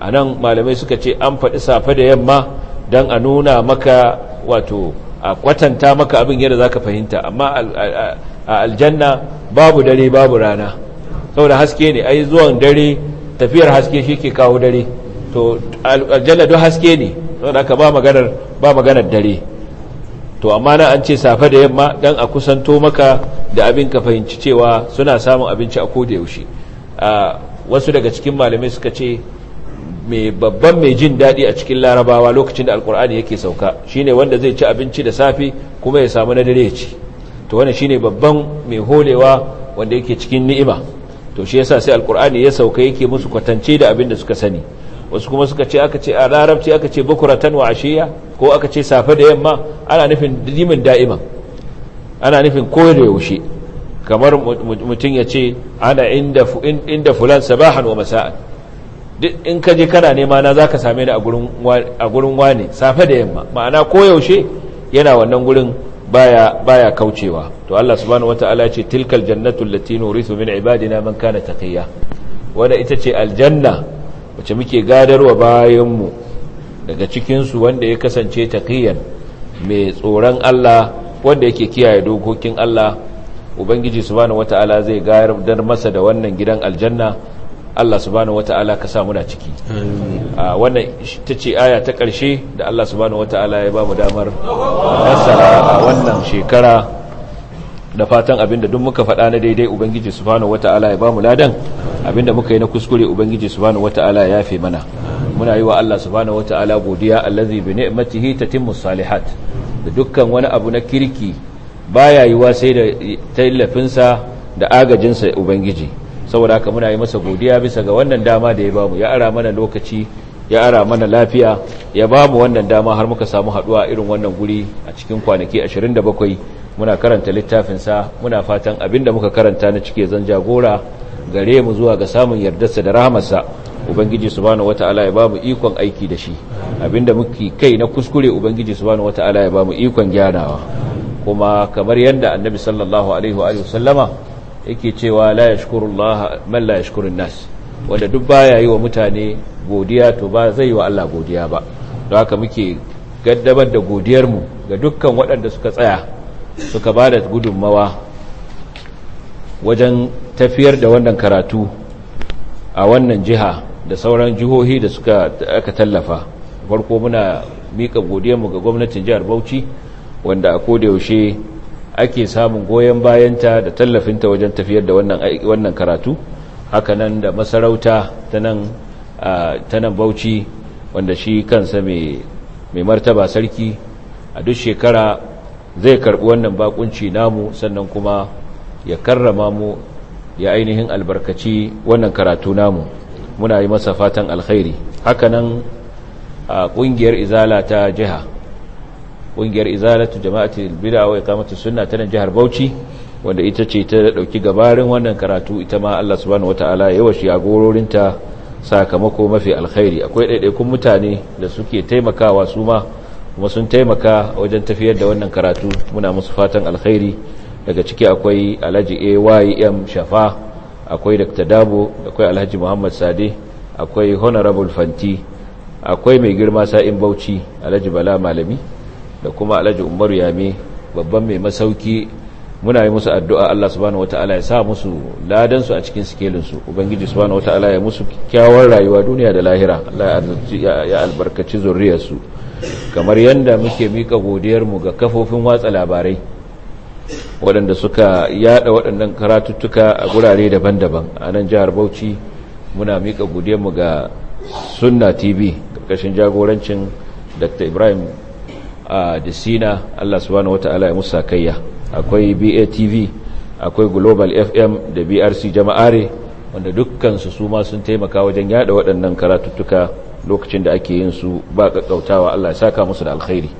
a nan malamai suka ce an faɗi safe da yamma don a nuna maka wato a kwatanta maka abin yadda za ka fahimta amma a aljanna babu dare babu rana saboda haske ne ai zuwan dare tafiyar haske shi ke kawo dare to aljanna don haske ne saboda aka ba maganar ba maganar dare to amma na an ce safe da yamma dan a kusanto maka da abin ka fahimci cewa suna samun abinci a koda yaushe wasu daga cikin malamai suka ce mai babban mai jin daɗi a cikin larabawa lokacin da alkur'ani yake sauka shine wanda zai ci abinci da safe kuma ya samu na dare ya ci to wannan shine babban mai holewa wanda yake cikin ni'ima to shi yasa sai alkur'ani ya sauka yake musu kwatance da abin da suka sani wasu kuma suka ce aka ce a larabci aka ce bukuratan wa ashiya ko aka ce safe da yamma ana nufin dimin da'iman ana nufin koyar da yaushe kamar mutum ya ce ana inda fulan sabahan wa masa'an duk in ka je kana nema na za ka same ni a gurin wane safe da yamma ma'ana koyaushe yana wannan gurin baya kaucewa to Allah subhanahu wata'ala ce tilkal jannatu allati nurithu min ibadina man kana taqiya wanda ita ce aljanna wacce muke gadarwa bayanmu daga cikinsu wanda ya kasance taqiyan mai tsoron Allah wanda yake kiyaye dokokin Allah ubangiji subhanahu wataala zai gadar masa da wannan gidan aljanna Allah subhanahu wataala ka sa muna ciki a ah, wannan ce aya ta ƙarshe da Allah subhanahu wataala ya ba mu damar nasara a wannan shekara da fatan abinda duk muka faɗa na daidai ubangiji subhanahu wataala ya ba bamu ladan abinda muka yi na kuskure ubangiji subhanahu wataala ya yafe mana muna yi wa Allah subhanahu wataala godiya allazi bi ni'matihi tatimmu salihat da dukkan wani abu na kirki baya yiwa sai da tallafinsa da agajinsa ubangiji saboda haka muna yi masa godiya bisa ga wannan dama da ya bamu ya ara mana lokaci ya ara mana lafiya ya bamu wannan dama har muka samu haduwa irin wannan guri a cikin kwanaki 27 muna karanta littafinsa muna fatan abinda muka karanta na cike zan jagora gare mu zuwa ga samun yardarsa da rahamarsa ubangiji subhanahu wata'ala ya bamu ikon aiki da shi abinda muke kai na kuskure ubangiji subhanahu wata'ala ya bamu ikon gyarawa kuma kamar yadda annabi sallallahu alaihi wa sallama yake cewa la yashkurullah man la yashkurun nas wanda duk baya yi wa mutane godiya to ba zai yi wa Allah godiya ba don haka muke gaddabar da godiyar mu ga dukkan waɗanda suka tsaya suka bada da gudunmawa wajen tafiyar da wannan karatu a wannan jiha da sauran jihohi da suka aka tallafa farko muna mika godiyarmu ga gwamnatin jihar Bauchi wanda a koda yaushe ake samun goyon bayanta da tallafinta wajen tafiyar da wannan wannan karatu nan da masarauta ta nan Bauchi wanda shi kansa mai mai martaba sarki a duk shekara zai karbi wannan bakunci namu sannan kuma ya karrama mu ya ainihin albarkaci wannan karatu namu muna yi masa fatan alkhairi hakanan a kungiyar izala ta jiha kungiyar ta jama'ati bid'a wa iqamatus sunna ta jihar Bauchi wanda ita ce ta dauki gabarin wannan karatu ita ma Allah subhanahu wataala ya washi agororin ta sakamako mafi alkhairi akwai daidaikun mutane da suke taimakawa su ma kuma sun taimaka wajen tafiyar da wannan karatu muna musu fatan alkhairi daga ciki akwai alhaji aym shafa akwai dr dabo akwai alhaji muhammad sade akwai honorable fanti akwai mai girma sa'in bauchi alhaji bala malami da kuma alhaji umaru yami babban mai masauki muna yi musu addu'a Allah subhanahu wata'ala ya sa musu ladansu a cikin sikelinsu ubangiji subhanahu wata'ala ya musu kyawar rayuwa duniya da lahira Allah ya albarkaci zurriyarsu kamar yadda muke miƙa godiyarmu ga kafofin watsa labarai waɗanda suka yada waɗannan karatuttuka a gurare daban-daban a nan jihar bauchi muna miƙa gudunmu ga sunna tv ƙarƙashin jagorancin dr ibrahim a disina allah subhanahu ta'ala ya musa kayya akwai batv akwai global fm da brc jama'are wanda dukkansu su ma sun taimaka wajen yada waɗannan karatuttuka lokacin da ake yin su ba ƙaƙƙautawa allah ya saka musu da alkhairi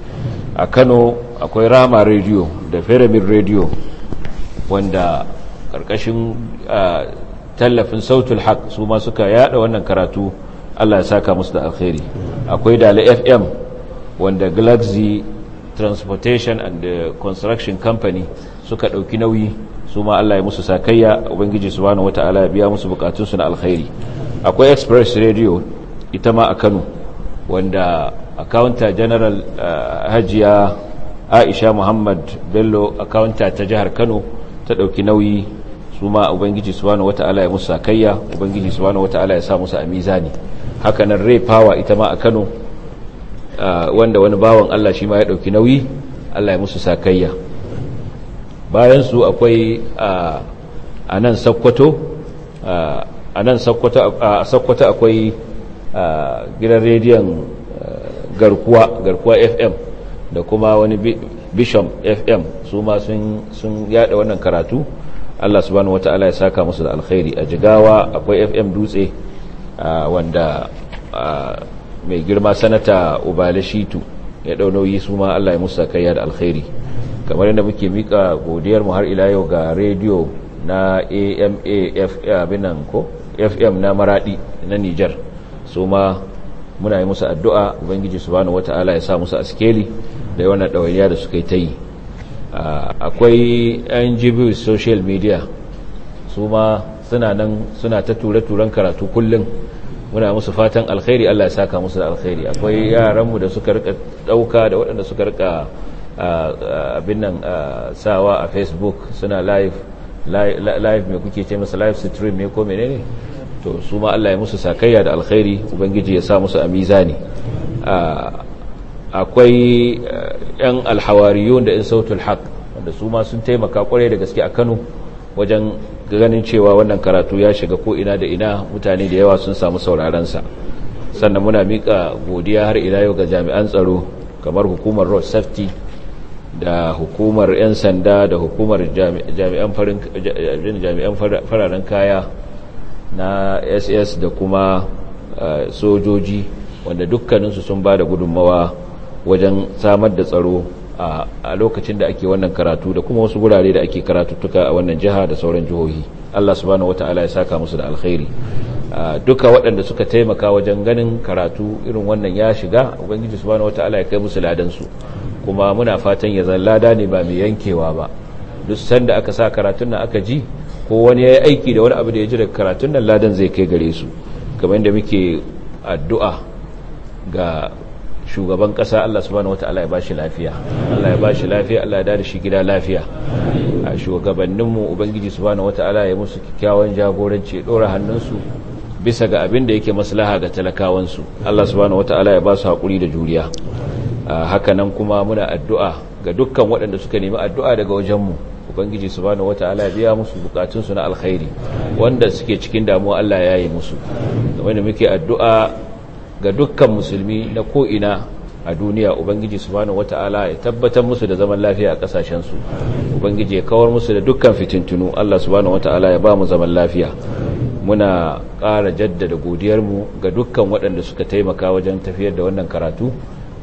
a kano akwai rama radio da feramin radio wanda karkashin tallafin sautul haq su ma suka yada wannan karatu allah ya saka musu da alkhairi akwai dala fm wanda galaxy transportation and construction company suka ɗauki nauyi su ma allah ya musu sakayya ubangiji su wani wata'ala ya biya musu bukatunsu na alkhairi akwai express radio ita ma a kano wanda akawunta general uh, hajiya aisha muhammad bello akawunta ta jihar kano ta dauki nauyi su ma ubangiji subhanahu wata'ala ya musa kayya ubangiji subhanahu wata'ala ya sa musu a mizani haka nan ray power ita ma a kano uh, wanda wani bawan allah shi ma ya dauki nauyi allah ya musu sakayya bayan su akwai uh, a nan sakkwato a nan sakkwato akwai gidan rediyon garkuwa garkuwa fm da kuma wani bishop fm su ma sun yada wannan karatu allah subhanahu wata'ala ya saka musu da alkhairi a jigawa akwai fm dutse wanda mai girma sanata ubale shitu ya dau nauyi su ma allah ya musu sakayya da alkhairi kamar yadda muke mika godiyar mu har ila yau ga rediyo na ama fm ko fm na maradi na nijar su ma muna yi musu addu'a ubangiji subhanahu wata'ala ya sa musu askeli da wannan ɗawainiya da suka yi ta yi akwai yan social media su ma suna nan suna ta ture-turen karatu kullum muna musu fatan alkhairi Allah ya saka musu da alkhairi akwai yaranmu da suka rika ɗauka da waɗanda suka rika abin nan sawa a facebook suna live live mai kuke ce masa live stream ne ko menene to su ma Allah ya musu sakayya da alkhairi ubangiji ya sa musu a mizani akwai eh, yan alhawariyun da in sautul haq wanda su ma sun taimaka kwarai da gaske a Kano wajen ganin cewa wannan karatu ya shiga ko ina da ina mutane da yawa sun samu sauraron sa sannan muna mika godiya har ila yau ga jami'an tsaro kamar hukumar road safety da hukumar 'yan sanda da hukumar jami'an fararen kaya na ss da kuma eh, sojoji wanda dukkaninsu sun ba da gudunmawa wajen samar da tsaro a lokacin da ake wannan karatu da kuma wasu gurare da ake karatuttuka a wannan jiha da sauran jihohi Allah subhanahu wata'ala ya saka musu da alkhairi duka waɗanda suka taimaka wajen ganin karatu irin wannan ya shiga ubangiji subhanahu wata'ala ya kai musu ladan su kuma muna fatan ya zan lada ne ba mai yankewa ba duk sanda aka sa karatun nan aka ji ko wani ya yi aiki da wani abu da ya ji daga karatun nan ladan zai kai gare su game da muke addu'a ga shugaban ƙasa Allah subhanahu wata'ala ya bashi lafiya Allah ya bashi lafiya Allah ya dada shi gida lafiya a shugabanninmu ubangiji subhanahu wata'ala ya musu kyakkyawan jagoranci ɗora hannunsu bisa ga abin da yake maslaha ga talakawansu Allah subhanahu wata'ala ya ba su haƙuri da juriya haka nan kuma muna addu'a ga dukkan waɗanda suka nemi addu'a daga wajenmu ubangiji subhanahu wataala biya musu bukatun su na alkhairi wanda suke cikin damuwa Allah ya yi musu kamar da muke addu'a ga dukkan musulmi na ko ina a duniya ubangiji subhanahu wataala ya tabbatar musu da zaman lafiya a kasashen su ubangiji ya kawar musu da dukkan fitintunu Allah subhanahu wataala ya ba mu zaman lafiya muna ƙara jaddada godiyarmu ga dukkan waɗanda suka taimaka wajen tafiyar da wannan karatu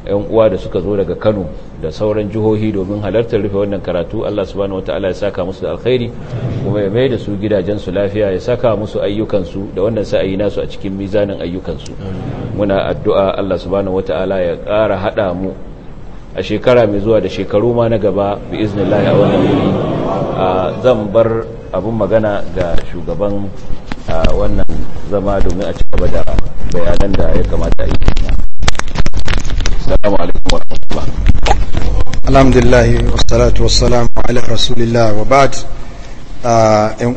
yan uwa da suka zo daga Kano da sauran jihohi domin halartar rufe wannan karatu Allah subhanahu wataala ya saka musu da alkhairi kuma ya mai da su gidajen su lafiya ya saka musu ayyukansu da wannan sa'ayi nasu a cikin mizanin ayyukansu muna addu'a Allah subhanahu wataala ya ƙara haɗa mu a shekara mai zuwa da shekaru ma na gaba bi iznillahi a wannan wuri zan bar abun magana ga shugaban wannan zama domin a ci gaba da bayanan da ya kamata a yi السلام عليكم ورحمة الله الحمد لله والصلاة والسلام على رسول الله وبعد إن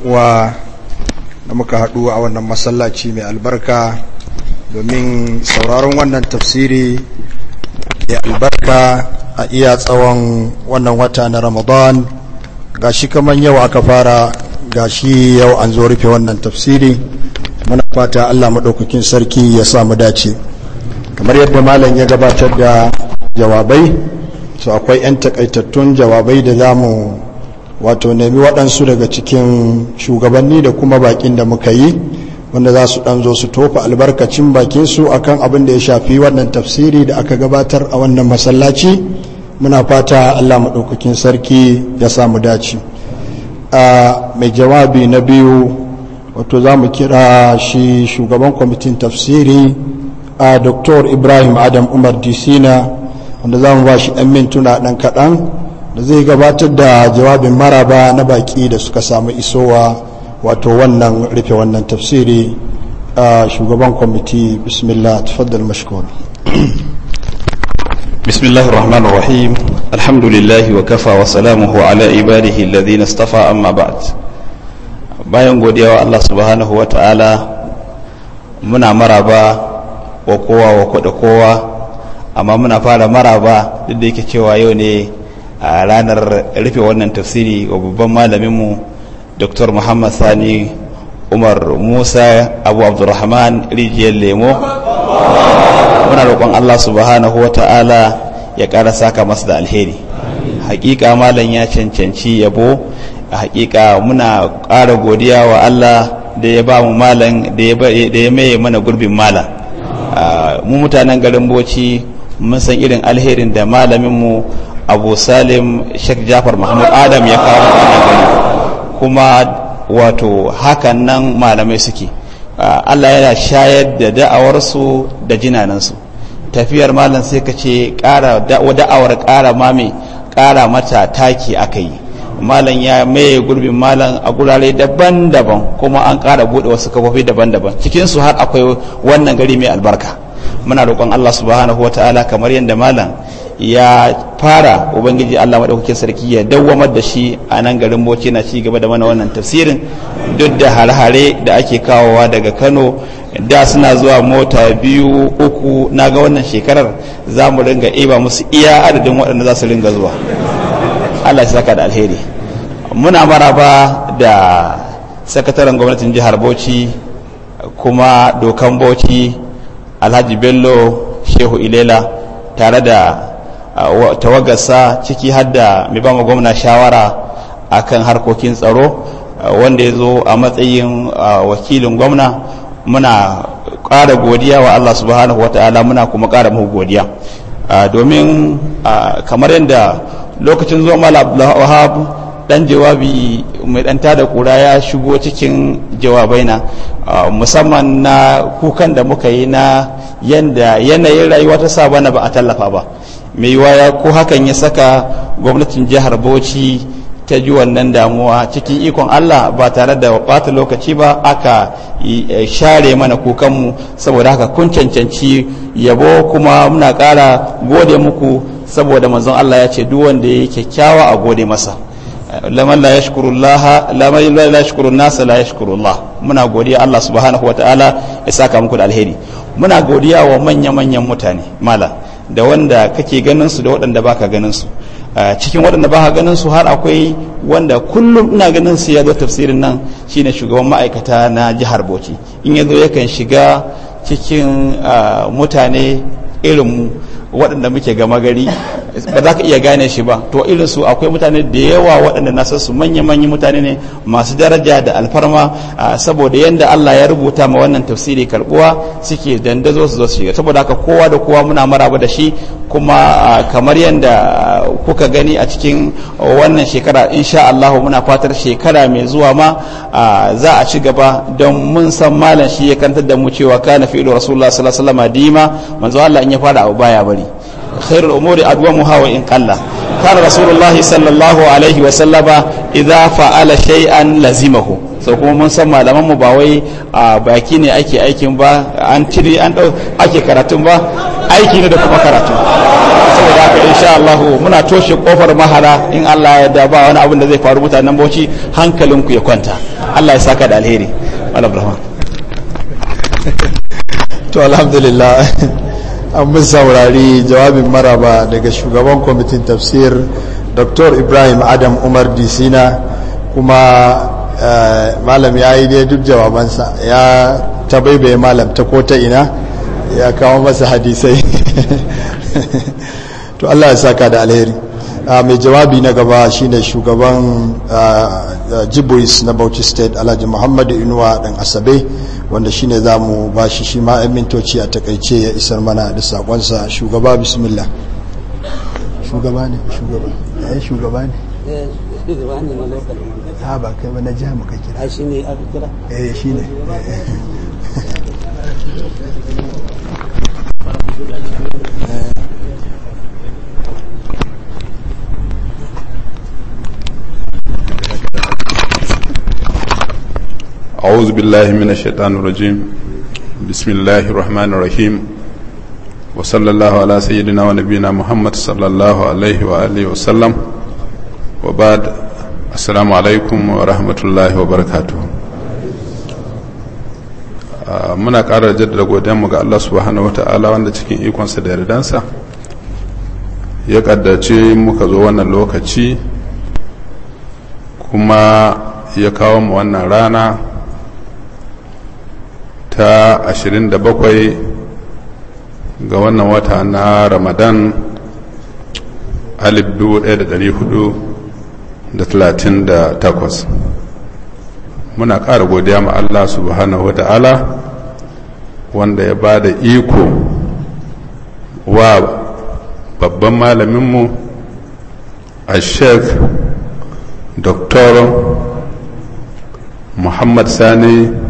da muka haɗu a wannan masallaci mai albarka domin sauraron wannan tafsiri mai albarka a iya tsawon wannan wata na ramadan gashi kamar yau aka fara gashi yau an zo rufe wannan tafsiri muna fata allah maɗaukakin sarki ya sa mu dace kamar yadda malam ya gabatar da jawabai to akwai 'yan takaitattun jawabai da za mu wato nemi waɗansu daga cikin shugabanni da kuma bakin da muka yi wanda za su ɗan zo su tofa albarkacin bakinsu akan abin da ya shafi wannan tafsiri da aka gabatar a wannan masallaci muna fata allah maɗaukakin sarki ya samu dace a mai jawabi na biyu wato za mu kira shi shugaban kwamitin tafsiri a doktor ibrahim adam umar disina wanda za mu ba shi ɗan mintuna ɗan kaɗan da zai gabatar da jawabin maraba na baki da suka samu isowa wato wannan rufe wannan tafsiri a shugaban kwamiti bismillah tafaddal mashkur بسم الله الرحمن الرحيم الحمد لله وكفى وسلامه على عباده الذين اصطفى أما بعد bayan godiya wa Allah subhanahu wa ta'ala muna maraba wa kowa wa kwada kowa amma muna fara maraba duk da yake cewa yau ne a ranar rufe wannan tafsiri wa babban malaminmu dr muhammad sani umar musa abu abdurrahman rijiyar lemo muna roƙon allah subhanahu wa ta'ala ya ƙara saka masu da alheri haƙiƙa malam ya cancanci yabo a hakika muna ƙara godiya wa allah da ya ba mu malam da ya maye mana gurbin malam mu mutanen garin boci mun san irin alherin da malaminmu abu salim sheikh jafar mahmud adam ya kawo kuma wato hakan nan malamai suke allah yana shayar da da'awarsu da jinanansu tafiyar malam sai ka ce da'awar kara mame ƙara mata taki aka yi malam ya maye gurbin malam a gurare daban-daban kuma an kara bude wasu kafofi daban-daban su har akwai wannan gari mai albarka muna roƙon Allah subhanahu wa ta'ala kamar yadda malam ya fara ubangiji Allah madaukakin sarki ya dawwamar da shi a nan garin Bauchi na ci gaba da mana wannan tafsirin duk da harhare da ake kawowa daga Kano da suna zuwa mota biyu uku na ga wannan shekarar za mu ringa iba musu iya adadin waɗanda za su ringa zuwa Allah ya saka da alheri muna maraba da sakataren gwamnatin jihar Bauchi kuma dokan Bauchi Alhaji Bello Shehu Ilela tare da uh, tawagarsa ciki har da mai ba gwamna shawara akan harkokin tsaro uh, wanda ya zo a matsayin uh, wakilin gwamna muna ƙara godiya wa Allah subhanahu wa ta'ala muna kuma ƙara muku godiya domin kamar yadda lokacin zuwa mala abdullahi dan jawabi mai dan da kura ya shigo cikin jawabai na ah, musamman na kukan da muka yi na yanda yanayin rayuwa ta sa bana ba a tallafa ba mai waya ko hakan ya saka gwamnatin jihar bauchi ta ji wannan damuwa cikin ikon Allah ba tare da bata lokaci ba aka e, share mana kukanmu saboda haka kun cancanci yabo kuma muna kara gode muku saboda manzon Allah ya ce duk wanda yake kyakkyawa a gode masa laman la yashkuru Allah laman la yashkuru nas la yashkuru muna godiya Allah subhanahu wataala ya saka muku da alheri muna godiya wa manya manyan mutane mala da wanda kake ganin su da waɗanda baka ganin su cikin waɗanda ba ganin su har akwai wanda kullum ina ganin su ya zo tafsirin nan shine shugaban ma'aikata na jihar Bauchi in yazo yakan shiga cikin mutane irin mu waɗanda muke gama gari ba za ka iya gane shi ba to irin su akwai mutane da yawa waɗanda na san su manya-manyan mutane ne masu daraja da alfarma saboda yadda Allah ya rubuta ma wannan tafsiri karbuwa suke dandazo su zo su shiga saboda haka kowa da kowa muna maraba da shi kuma kamar yadda kuka gani a cikin wannan shekara insha Allah muna fatar shekara mai zuwa ma za a ci gaba don mun san malam shi ya kantar da mu cewa kana fi'lu rasulullah sallallahu alaihi wasallam dima manzo Allah in ya fara abu baya bari khairul umuri adwa wa in qalla kana rasulullah sallallahu alaihi sallam idza fa'ala shay'an lazimahu so kuma mun san malaman mu ba wai a baki ne ake aikin ba an cire an ake karatun ba aiki ne da kuma karatu saboda haka insha Allah muna toshe kofar mahara in Allah ya da ba wani abin da zai faru mutanen Bauchi ku ya kwanta Allah ya saka da alheri Malam to alhamdulillah an mun saurari jawabin maraba daga shugaban kwamitin tafsir dr ibrahim adam umar disina kuma eh, malam ya yi dai duk jawabansa ya tabaibaye malam ta ko ta ina ya kawo masa hadisai to Allah ya saka da alheri ah, mai jawabi na gaba shine shugaban ah, ah, jibois na bauchi state alhaji muhammadu inuwa dan asabe wanda shine za mu ba shi shi ma mintoci a takaice ya isar mana da sakonsa shugaba bismillah shugaba ne shugaba ya eh, yi shugaba ne ba kai ba na jiha muka kira shi ne aka kira eh, shi ne eh. أعوذ بالله من الشيطان الرجيم بسم الله الرحمن الرحيم وصلى الله على سيدنا ونبينا محمد صلى الله عليه وآله وسلم وبعد السلام عليكم ورحمة الله وبركاته muna ƙara jaddada godiyanmu ga Allah subhanahu wata'ala wanda cikin ikonsa da yardansa ya ƙaddace muka zo wannan lokaci kuma ya kawo mu wannan rana ta 27 ga wannan wata na ramadan 1438 muna ƙara godiya ma Allah subhanahu wata'ala wanda ya ba da iko wa babban malaminmu a sheik dr muhammad sani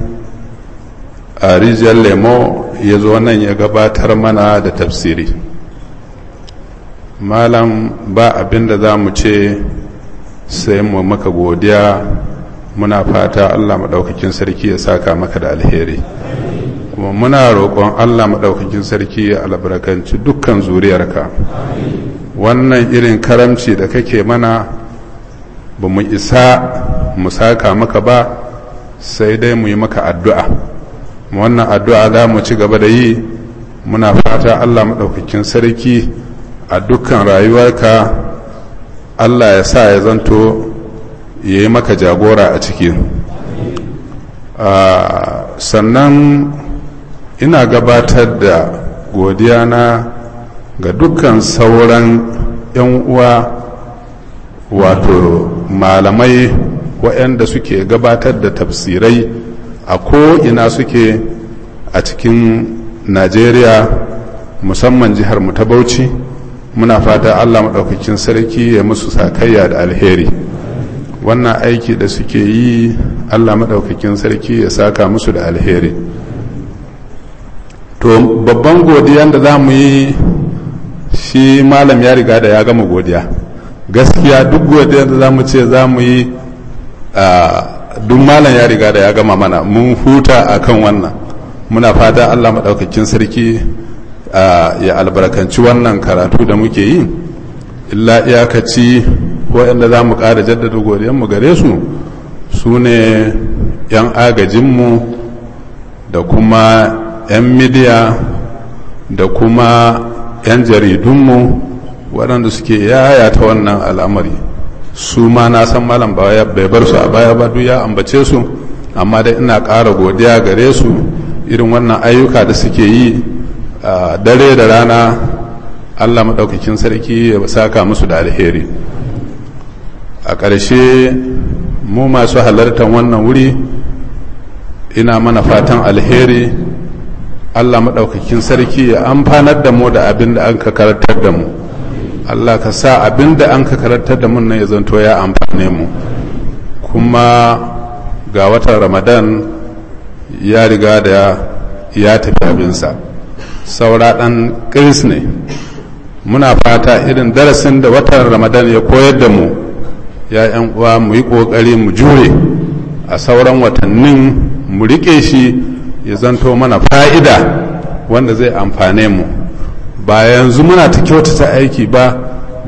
a rijiyar lemo ya zo nan ya gabatar mana da tafsiri malam ba abin da za mu ce sai mu maka godiya muna fata allah maɗaukakin sarki ya saka maka da alheri kuma muna roƙon allah maɗaukakin sarki ya albarkanci dukkan zuriyarka wannan irin karamci da kake mana ba mu isa mu saka maka ba sai dai mu yi maka addu'a wannan addu'a za mu ci gaba da yi muna fata allah maɗaukakin sarki a dukkan rayuwarka allah ya sa ya zanto ya yi maka jagora a ciki sannan ina gabatar da godiya na ga dukkan sauran 'yan uwa wato malamai waɗanda suke gabatar da tafsirai a ko ina suke a cikin najeriya musamman jihar mu ta bauchi muna fata allah maɗaukakin sarki ya musu sakayya da alheri wannan aiki da suke yi allah maɗaukakin sarki ya saka musu da alheri to babban godiyan da za mu yi shi malam ya riga da ya gama godiya gaskiya duk godiyar da za mu ce za mu yi a ah, duk malam ya riga da ya gama mana mun huta akan wannan muna fata Allah maɗaukakin sarki ya albarkanci wannan karatu da muke yi illa iyakaci waɗanda za mu ƙara jaddada godiyanmu gare su su ne 'yan agajinmu da kuma 'yan midiya da kuma 'yan jaridunmu waɗanda suke yaya ta wannan al'amari su ma na san malam baya bai bar su a baya ba duk ya ambace su amma dai ina ƙara godiya gare su irin wannan ayyuka da suke yi dare da rana allah maɗaukakin sarki ya saka musu da alheri a ƙarshe mu masu halartar wannan wuri ina mana fatan alheri allah maɗaukakin sarki ya amfanar da mu da abin da an ka da mu Allah ka sa da an ka karantar da mun nan ya zanto ya amfane mu kuma ga watan ramadan ya riga da ya tafi abinsa saura ɗan kiris ne muna fata irin darasin da watan ramadan ya koyar da mu ya yan uwa mu yi ƙoƙari mu jure a sauran watannin mu riƙe shi ya zanto mana fa'ida wanda zai amfane mu ba yanzu muna ta kyautata aiki ba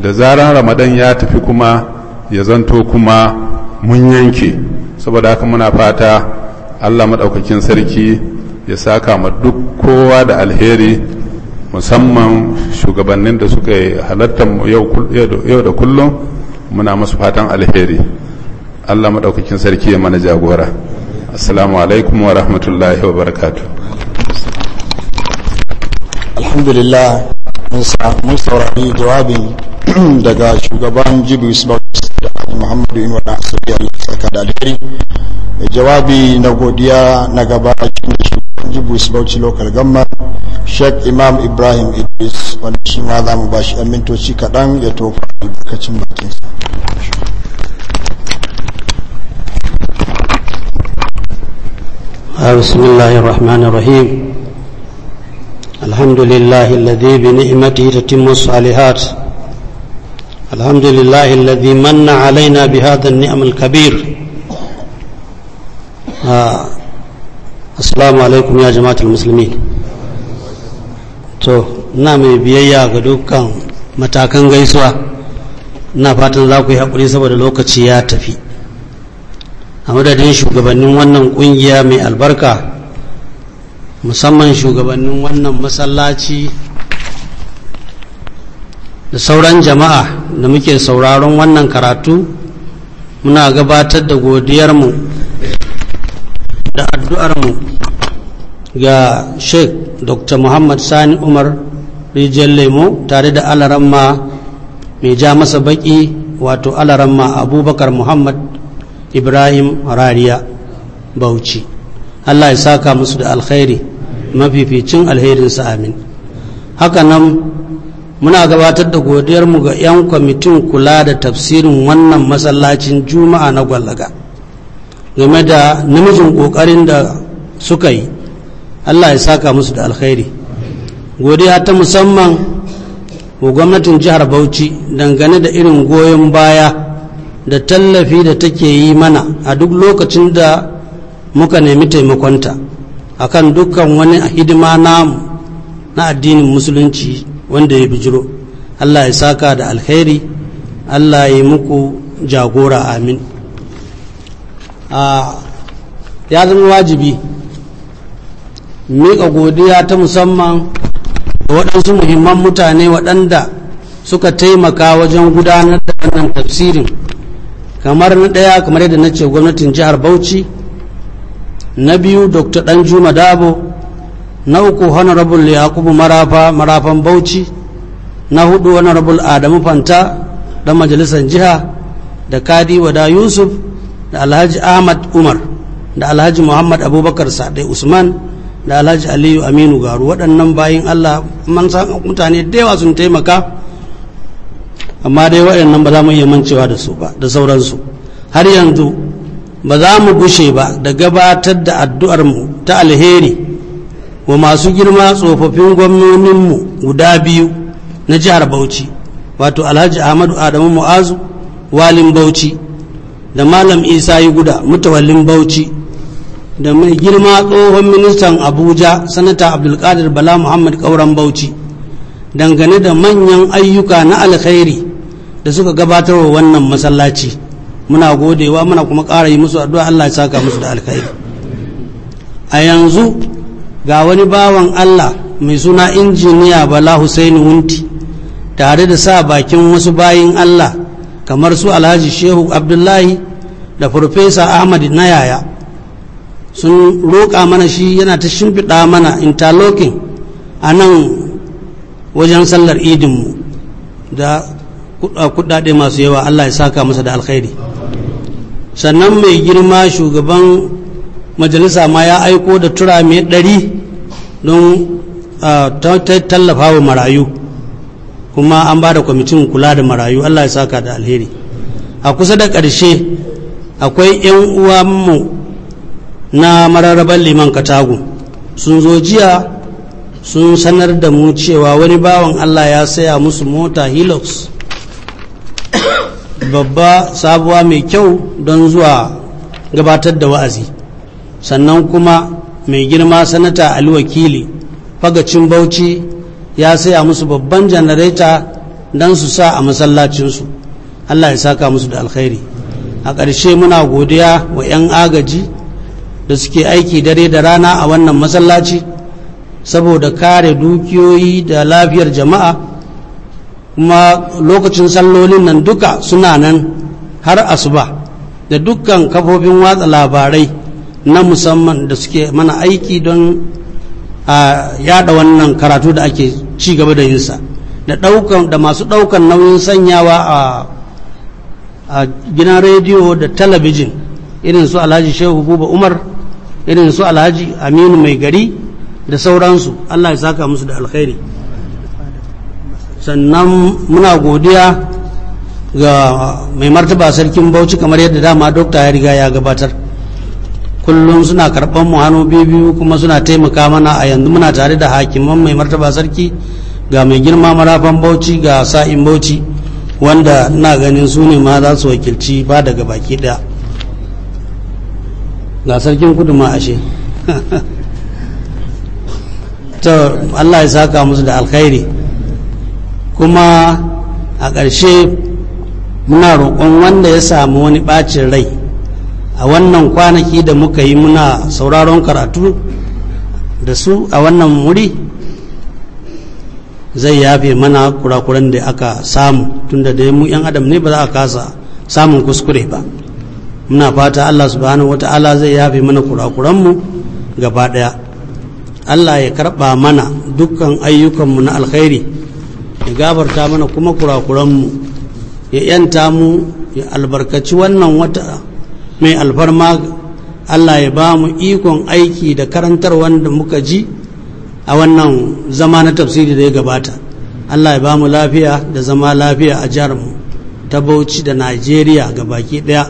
da zaran ramadan ya tafi kuma ya zanto kuma mun yanke saboda haka muna fata allah maɗaukakin sarki ya saka ma duk kowa da alheri musamman shugabannin da suka yi halattar yau da kullum muna masu fatan alheri allah maɗaukakin sarki ya mana jagora assalamu alaikum wa rahmatullahi wa barakatuh alhamdulillah mun saurari jawabin daga shugaban jibu da muhammadu inuwa da asiri allah saka da alheri jawabi na godiya na gaba cikin shugaban jibu isbauci local gamma sheik imam ibrahim idris wanda shi ma za mu bashi yan mintoci kaɗan ya tofa albarkacin bakinsa بسم الله الرحمن الرحيم الحمد لله الذي بنعمته تتم الصالحات الحمد لله to na mai biyayya ga dukan matakan gaisuwa na fatan za ku yi haƙuri saboda lokaci ya tafi a madadin shugabannin wannan ƙungiya mai albarka musamman shugabannin wannan masallaci da sauran jama'a da muke sauraron wannan karatu muna gabatar da godiyarmu da addu'armu ga sheikh dr muhammad sani umar rijiyar lemo tare da alaramma mai ja masa baki wato alaramma abubakar muhammad ibrahim rariya bauchi allah ya saka musu da alkhairi mafificin alherinsa amin hakanan muna gabatar da godiyarmu ga 'yan kwamitin kula da tafsirin wannan masallacin juma'a na gwallaga game da namijin kokarin da suka yi allah ya saka musu da alkhairi godiya ta musamman wa gwamnatin jihar bauchi dangane da irin goyon baya da tallafi da take yi mana a duk lokacin da muka nemi taimakonta akan dukkan wani hidima namu na addinin musulunci wanda ya bijiro Allah ya saka da alkhairi Allah ya muku jagora amin ya zama wajibi miƙa godiya ta musamman da waɗansu muhimman mutane waɗanda suka taimaka wajen gudanar da wannan tafsirin kamar na ɗaya kamar yadda na ce gwamnatin jihar bauchi na biyu dr danjuma dabo na uku honorable yakubu marafa marafan bauchi na hudu honorable adamu fanta dan majalisar jiha da kadi wada yusuf da alhaji ahmad umar da alhaji muhammad abubakar sade usman da alhaji aliyu aminu garu waɗannan bayin allah mutane da yawa sun taimaka amma dai waɗannan ba za mu iya mancewa da su ba da sauransu har yanzu ba za mu gushe ba da gabatar da addu'armu ta alheri wa masu girma tsofaffin gwamnoninmu guda biyu na jihar bauchi wato alhaji ahmadu adamu mu'azu walin bauchi da malam isa yi guda mutawallin bauchi da mai girma tsohon ministan abuja sanata abdulkadir bala muhammad kauran bauchi dangane da manyan ayyuka na alkhairi da suka gabatarwa wannan masallaci muna godewa muna kuma ƙara yi musu addu'a Allah ya saka musu da alkhairi a yanzu ga wani bawan Allah mai suna injiniya Bala Hussein Wunti tare da sa bakin wasu bayin Allah kamar su Alhaji Shehu Abdullahi da Farfesa Ahmad na yaya sun roƙa mana shi yana ta shimfiɗa mana interlocking a nan wajen sallar idinmu da kuɗaɗe masu yawa Allah ya saka masa da alkhairi sannan mai girma shugaban majalisa ma ya aiko da tura mai ɗari don tallafa wa marayu kuma an ba da kwamitin kula da marayu allah ya saka da alheri a kusa da ƙarshe akwai 'yan uwanmu na mararraban liman katagu sun zo jiya sun sanar da mu cewa wani bawan allah ya saya musu mota hilux babba sabuwa mai kyau don zuwa gabatar da wa'azi sannan kuma mai girma sanata ali wakili fagacin bauchi ya saya musu babban janareta don su sa a masallacinsu allah ya saka musu da alkhairi a ƙarshe muna godiya wa 'yan agaji da suke aiki dare da rana a wannan masallaci saboda kare dukiyoyi da lafiyar jama'a kuma lokacin sallolin nan duka suna nan har asuba da dukkan kafofin watsa labarai na musamman da suke mana aiki don a yada wannan karatu da ake ci gaba da yinsa da daukan da masu daukan nauyin sanyawa a a gidan rediyo da talabijin irin su alhaji shehu buba umar irin su alhaji aminu mai gari da sauransu allah ya saka musu da alkhairi sannan muna godiya ga mai martaba sarkin bauchi kamar yadda dama dokta ya riga ya gabatar kullum suna karban mu hannu biyu kuma suna taimaka mana a yanzu muna tare da hakiman mai martaba sarki ga mai girma marafan bauchi ga sa'in bauchi wanda na ganin su ne ma za su wakilci ba daga baki ɗaya ga sarkin kudu ma ashe to allah ya saka musu da alkhairi kuma a ƙarshe muna roƙon wanda ya samu wani ɓacin rai a wannan kwanaki da muka yi muna sauraron karatu da su a wannan wuri zai yafe mana kurakuran da aka samu tunda da mu 'yan adam ne ba za a kasa samun kuskure ba muna fata allah subhanahu wata'ala zai yafe mana kurakuranmu gaba daya allah ya karba mana dukkan ayyukanmu na alkhairi ya gafarta mana kuma kurakuranmu ya yanta mu ya albarkaci wannan wata mai alfarma Allah ya ba mu ikon aiki da karantar wanda muka ji a wannan zama na tafsiri da ya gabata Allah ya ba mu lafiya da zama lafiya a jihar mu ta Bauchi da Najeriya ga baki daya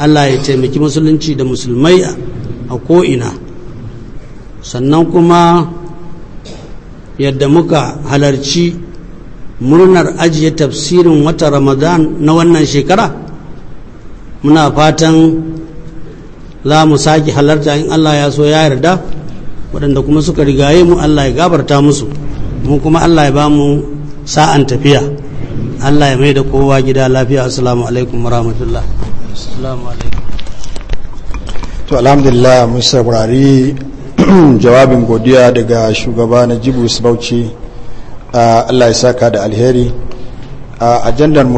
Allah ya taimaki musulunci da musulmai a ko'ina sannan kuma yadda muka halarci murnar ajiye tafsirin wata ramadan na wannan shekara muna fatan za mu sake halarta in allah ya so ya yarda waɗanda kuma suka rigaye mu allah ya gabarta musu mu kuma allah ya ba mu sa'an tafiya allah ya mai da kowa gida lafiya assalamu alaikum warahmatullah assalamu alaikum to alhamdulillah mun saurari jawabin godiya daga shugaba na jibu bauchi Ah, Allah ya saka da alheri a ah, ajandar